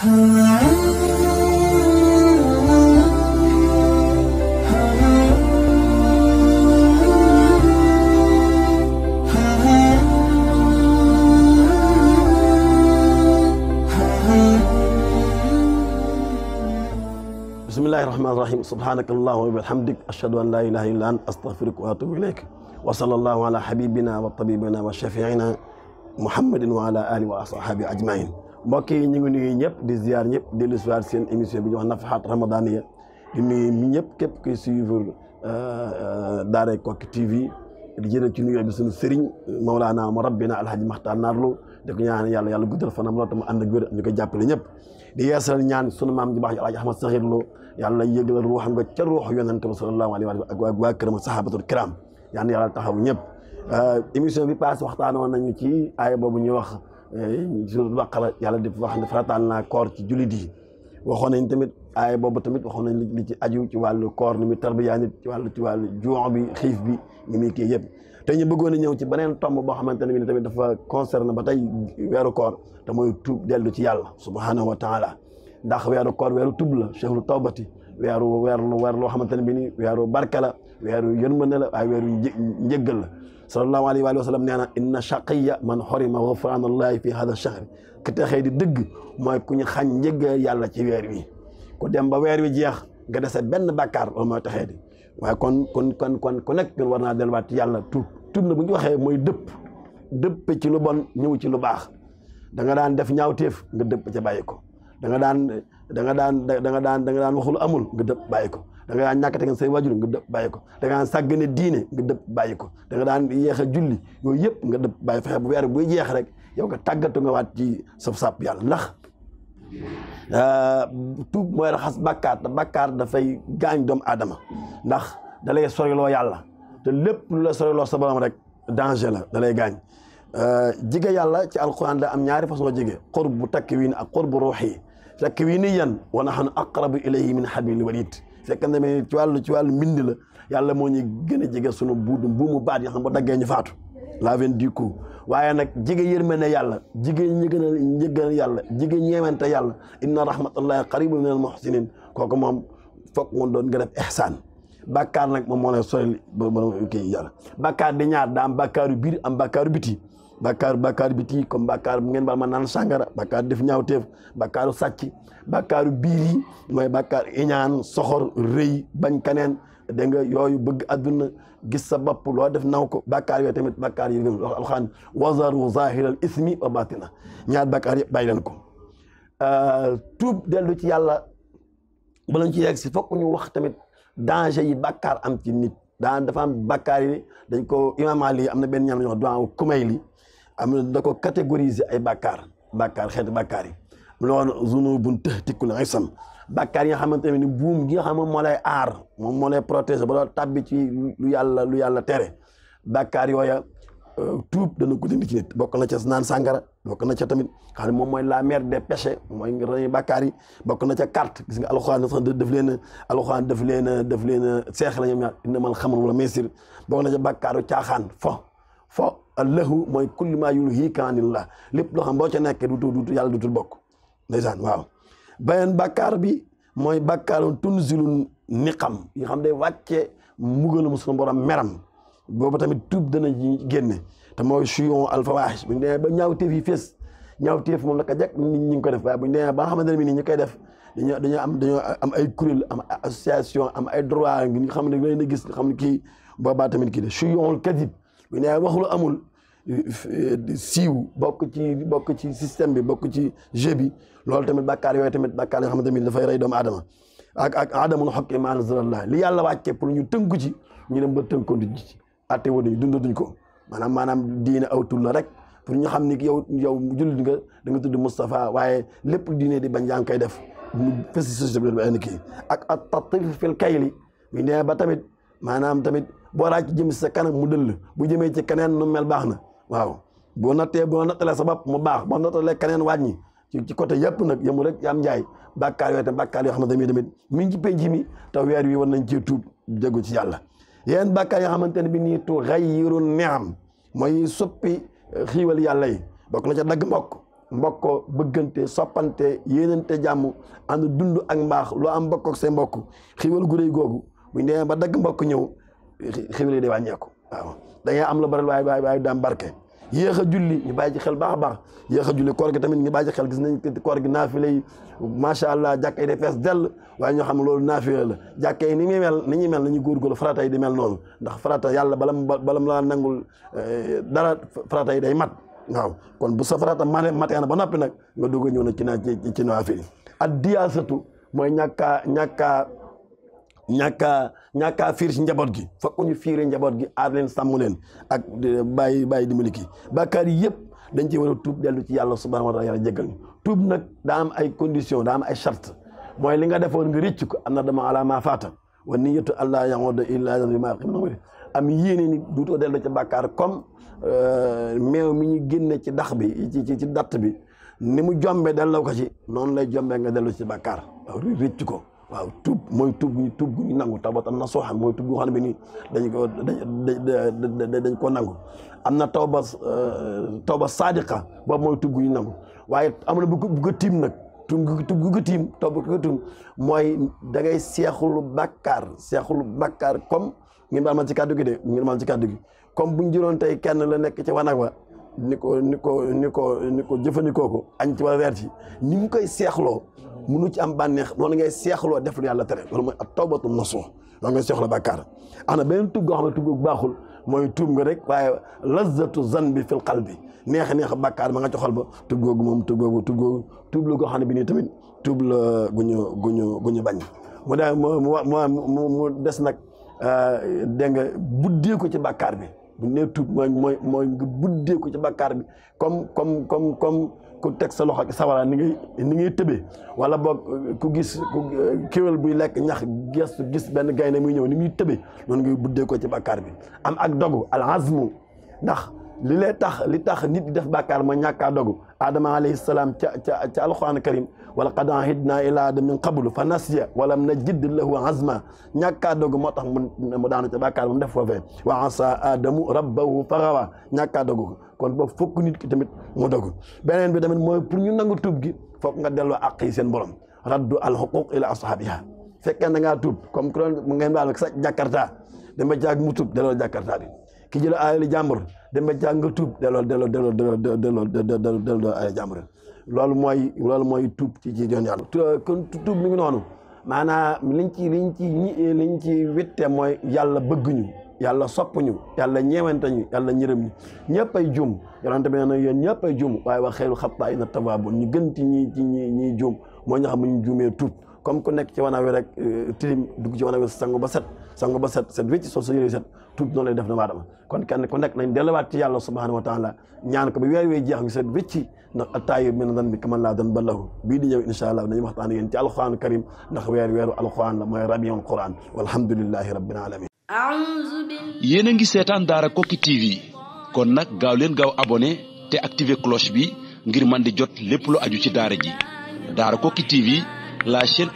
bismillahi rahmaani rahiim subhaanaka allahumma wa bihamdik ashhadu an laa ilaaha illa ant astaghfiruka wa atuubu ilayk wa sallallahu ala habibina wa tabibina wa shafiina muhammadin wa ala alihi wa ashaabihi ajmain mbokk yi ñu ngi nuyu ñëpp di ziar ñëpp di lu soir seen émission bi ñu wax nafaxaat ramadaniya di nuyu mi ñëpp képp kuy suivre euh, Daaray Koki TV ci jëlee ci nuyoo bi suñu sëriñ Mawlaana mu rabbina alhaji Maxtaar Naarlo di ko ñaan yàlla yàlla guddal fanam lool tam ànd ak wér ñu ko jàppale ñëpp di yeesal ñaan sunu maam ji baax ji alhaji Ahmad Saxiir Lo yàlla yëgal ruuxam nga ca ruux yonente bi sallallahu alayhi wa ak waa waa këram sahabatul kiram yaan yàlla taxaw ñëpp euh, émission bi passé waxtaanoon nañu ci aaya boobu ñuy wax suratul eh, baqara yàlla def wax ne farataal naa koor ci jullit yi waxoon nañ tamit aaya boobu tamit waxoon nañ li ci aju ci wàllu koor ni muy tarbiyaa nit ci wàllu ci wàllu juux bi xiif bi ni muy kii yëpp te ñu bëggoon a ñëw ci beneen tomb boo xamante ne bi ne tamit dafa concerne ba tey weeru koor te mooy tuub dellu ci yàlla subhanahu wa taala ndax weeru koor weeru tub la chehru tawbati weeru weer weer loo xamante ne bi ni weeru barke la weeru yërmande la waaye weeru njëggal la sallallahu alayhi wa sallam nee na inna shaqiya man xorima ghufraan allahi fi hada shahri ki texee di dëgg mooy ku ñu xañ njëggal yàlla ci weer wi ku dem ba weer wi jeex nga def dese benn bàkkaar loolu mooy texee di waaye kon kon kon kon ku nekk war naa delluwaat ci yàlla tuub na bu ñu waxee mooy dëpp dëpp ci lu bon ñëw ci lu baax da nga daan def ñaawteef nga dëpp ca bàyyi ko daan da nga daan da nga daan da nga daan waxul amul nga dëpp bàyyi ko da nga daan ñàkk a tegal say waajur nga dëpp bàyyi ko da nga daan sàggane diine nga dëpp bàyyi ko da nga daan yéex a julli yooyu yëpp nga dëpp bàyyi fexe bu weer buy jeex rek yow nga tàggatu nga waat ci saf sàpp yàlla ndax euh, tuub mooy raxas bàkkaar te bàkkaar dafay gaañ doomu aadama ndax da lay soriloo yàlla te lépp lu la soriloo sa borom rek danger la da lay gaañ euh, jige yàlla ci alquran da am ñaari façon jige xurbu takkwin ak xurbu ruuxi takwiiniyan wa nahnu aqrabu ilayhi min hablil warid fekk na mais ci wàllu ci wàllu mbind la yàlla moo ñu gën a jege sunu buud buumu baat yi xam ba daggee ñu faatu la veine du coup waaye nag jige yërmande yàlla jige ñi gën a njëggal yàlla jige ñeewante yàlla inna rahmatallahi qaribun minal muhsinin kooku moom foog mu doon nga def ihsaan bàkkaar nag moom moo lay soril ba kii yàlla bàkkaar di ñaar daa am bàkkaaru am bàkkaaru biti bàkkaar bàkkaar biti comme bàkkaar bu ngeen baal ma naan sàngara bàkkaar def ñaawteef bàkkaaru sàcc bàkkaaru biir yi mooy bàkkaar iñaan soxor rëy bañ kaneen dégg nga yooyu bëgg àdduna gis sa bopp loo def naw ko bàkkaar yooyu tamit bàkkaar yi wax alxaan wazaru zahiral ismi wa batina ñaar bàkkaar yëpp bàyyi leen ko euh, tuub dellu ci yàlla balañ ci yegg si fokk ñu tamit danger yi bàkkaar am ci nit daan dafa am bàkkaar yi dañ ko imaam Ali am na benn ñaan ñu wax doan kumayli am na da ko catégoriser ay bàkkaar bàkkaar xeeti bàkkaar yi mu la woon zunubun ay isam bakkaar yi nga xamante ne ni buum gi nga xam moom aar moom moo lay protéger ba doo tàbbi ci lu yàlla lu yàlla tere yooya euh, tuub dana ko bokk na ca naan sàngara bokk na ca tamit xam ne moom mooy la mère des péchés mooy rëy bàkkaar yi bokk na ca carte gis nga alxuraan sax daf leen a daf leen a daf leen a seex la ñoom ñaar innamal xamru wala maysir bokk caaxaan fo fo allahu mooy kulli maa yulhiika anillah lépp loo xam boo ca nekkee dutul dutul yàlla dutul bokk ndeysaan waaw beneen bàkkaar bi mooy bàkkaaru tunzilun niqam yi xam day wàcce mbugalum sunu borom meram boobu tamit tuub dana génne te mooy suyon alfawaahish bu ñu demee ba ñaaw teef yi fees ñaaw teef moom la ka jekk nit ñi ko def waaye bu ñu demee ba nga xamante ne ñu koy def dañoo dañoo am dañoo ay kuréel am association am ay droit nga xam ne leen a gis nga xam ne kii boobaa tamit kii de suyon amul siiw bokk ci bokk ci système bi bokk ci jeu bi loolu tamit bàkkaar yooyu tamit bàkkaar yoo xamante ni dafay rey doomu aadama ak ak aadamul xokkee ma anzalallah li yàlla wàccee pour ñu tënku ci ñu dem ba tënkoon duñ ci atte woo duñ ko maanaam maanaam diine aw tur la rek pour ñu xam ni yow yow jullit nga da nga tudd Moustapha waaye lépp diine di bañ yaa koy def mu fësi kii ak ak tatif fil kayli mu nee ba tamit maanaam tamit boo raaj jëm si sa kanam mu dëll bu jëmee ci keneen nu mel baax na waaw boo nattee boo nattalee sa bopp mu baax boo nattalee keneen wàññi ci côté yépp nag yëmu rek yaam njaay bàkkaar yooyu te bàkkaar yoo xam ne tamit mi ngi ci penc mi te weer wi war nañ cee tuub ci yàlla yéen bàkkaar yoo xamante ne bi nii tu xayyiru ni'am mooy soppi eh, xiiwal yàlla yi bokk na ca dagg mbokk mbokkoo bëggante soppante yéenante jàmm ànd dund ak mbaax lu am mbokk ak mbokk xiiwal gu réy googu buñ demee ba dagg mbokk ñëw xiiwal yi day wàññeeku waaw dangay am la baral waaye waaye waaye daam barke yéex a julli ñu bàyyi ci xel baax a baax yéex a julli koor gi tamit ñu bàyyi xel gis nañ koor gi naafile yi macha allah jàkka yi de fees dell waaye ñoo xam la jàkka yi ni muy mel ni ñuy mel nañu góorgóorlu farata yi di mel noonu ndax farata yàlla balam balam laa nangul eh, dara farata yi day mat waaw kon bu sa farata mane matee na ba noppi nag nga dugg a ñëw na ci naa ci ci naafile ak diyaasatu mooy ñàkkaa ñàkkaa ñàkk a ñàkk a fiir ci njaboot gi fokk ñu fiire njaboot gi aar leen sàmm leen ak euh, bàyyi bàyyi dimbali kii bàkkaar yi yëpp dañ ci war a tuub dellu ci yàlla subhanahu wa taala yàlla jéggal ñu tuub nag daa am ay condition daam ay charte mooy li nga defoon nga rëcc ko am na dama ala maa faata wa niyatu allah yahuda illa bima qimnamri am yéene ni duutoo dellu ci bàkkaar comme euh, meew mi ñu génne ci dax bi ci ci ci datt bi ni mu jombe delloo ko ci noonu lay jombe nga dellu ci bàkkaar rëcc ko waaw tub mooy tub gu tub gu ñu nangu tawbatan nasuha mooy tub gu xam ne bi nii dañ ko dañ dañ koo nangu am na tawba euh, tawba sadiqa boobu mooy tub gu ñu nangu waaye am na bu ko tiim nag tub tub gu ko tiim mooy da ngay seexul bàkkaar seexul bàkkaar comme ngeen baal ma ci kàddu gi de ngeen baal ma ci kàddu gi comme bu ñu jëloon tey kenn la nekk ci wanag wa ni ko ni ko ni ko ni ko jëfandikoo ko añ ci wala weer ci ni mu koy seexloo mun munu ci am bànneex loolu ngay seexloo def lu yàlla tere loolu mooy ak tawbatu nasuux loolu ngay seexloo bàkkaar am na beneen tugg goo xam ne tugg baaxul mooy tuub nga rek waaye lazzatu zanbi fil bi neex neex bàkkaar ba nga ci ba tuub googu moom tuub googu tuub googu tuub la goo xam ne bi nii tamit tuub la gu ñu gu ñu gu ñu bañ mu daa mu mu mu des nag euh, dégg nga buddee ko ci bàkkaar bi bu ñu nee mooy mooy mooy nga buddee ko ci bakkaar bi comme comme comme comme ku teg sa loxo ak sawara ni ngay ni ngay tëbee wala boog euh, ku gis ku euh, kéwél buy lekk ñax gestu gis benn gaynde muy ñëw ni muy tëbee noonu ngay buddee ko ci bakkaar bi am ak dogu al azmu ndax li lay tax li tax nit def bàkkaar ma ñàkkaa dogu aadama alayhi ca ca ca alquran karim wala qad ahidna ila adam min qablu fa nasiya walam najid lahu azma ñàkkaa dogu moo tax mu daanu ca bàkkaar ba mu def foofee wa asa adamu rabbahu fa gawa ñàkkaa dogu kon boobu fokk nit ki tamit mu dogu beneen bi tamit mooy pour ñu nangu tuub gi fokk nga delloo àq yi seen borom raddu al xuquq ila ashabiha fekkee da ngaa tuub comme que mu ngeen baal sa jakarta dama jaag mu tuub delloo jakarta ki jël alali jàmbur dem ba jàng nga tuub delloo delloo delloo delloo delloo delloo delloo ay jàmbur loolu mooy loolu mooy tuub ci ci yoon yàlla kon tuub mi ngi noonu maanaam liñ ci liñ ci ñi liñ ci witte mooy yàlla bëgguñu yàlla soppuñu yàlla ñeewante ñu yàlla ñërëm ñu ñëpp ay juum yonent bi nee na yéen ñëpp ay juum waaye wax xeeru xabtaa ina tawaabu ñu gën ci ñi ci ñi ñiy juum mooy ñoo xam ne ñu juumee tuub comme ku nekk ci wanag wi rek euh, tilim dugg ci wanag wi sangu ba set sangu ba set set wécc sol sa yére set tuub noonu lay def doomu aadama kon kenn ku nekk nañ delluwaat ci yàlla subhanahu wa ñaan ko ba weer wee jeex ngi set wécci ndax attaayu min dan bi kaman laa dan ballahu bii di ñëw incha allah dañu waxtaan yéen ci alquran karim ndax weer weeru alquran mooy rabiul quran walhamdulillahi rabbil ngi seetaan daara Koki TV kon nag gaaw leen gaaw abonné te activer di jot lépp lu aju ci daara ji daara